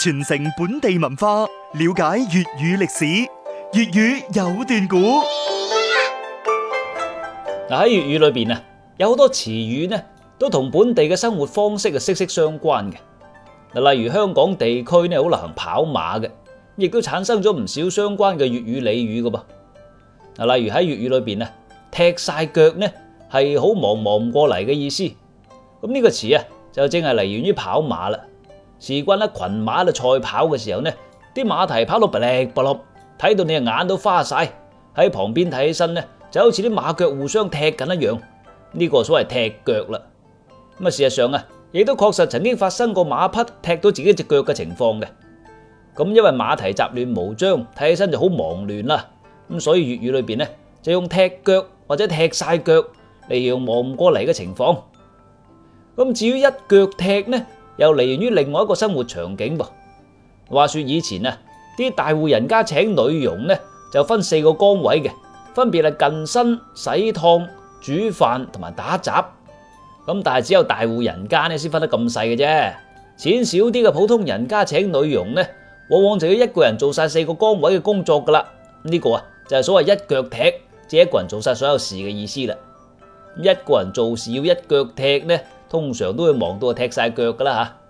傳承本地文化，了解粵語歷史。粵語有段古喺粵語裏邊啊，有好多詞語咧都同本地嘅生活方式啊息，息息相關嘅嗱，例如香港地區咧好流行跑馬嘅，亦都產生咗唔少相關嘅粵語俚語噶噃嗱，例如喺粵語裏邊啊，踢晒腳呢係好忙忙唔過嚟嘅意思，咁、這、呢個詞啊就正係嚟源於跑馬啦。事關咧群馬咧賽跑嘅時候呢啲馬蹄跑到不力不碌，睇到你啊眼都花晒。喺旁邊睇起身呢，就好似啲馬腳互相踢緊一樣。呢、呢個所謂踢腳啦。咁啊事實上啊，亦都確實曾經發生過馬匹踢到自己隻腳嘅情況嘅。咁因為馬蹄雜亂無章，睇起身就好忙亂啦。咁所以粵語裏邊呢，就用踢腳或者踢晒腳嚟形容忙唔過嚟嘅情況。咁至於一腳踢呢。又嚟源於另外一個生活場景噃。話說以前啊，啲大戶人家請女傭呢，就分四個崗位嘅，分別係近身、洗熨、煮飯同埋打雜。咁但係只有大戶人家呢，先分得咁細嘅啫。錢少啲嘅普通人家請女傭呢，往往就要一個人做晒四個崗位嘅工作噶啦。呢個啊就係所謂一腳踢，即係一個人做晒所有事嘅意思啦。一個人做事要一腳踢呢，通常都會忙到踢曬腳㗎啦嚇。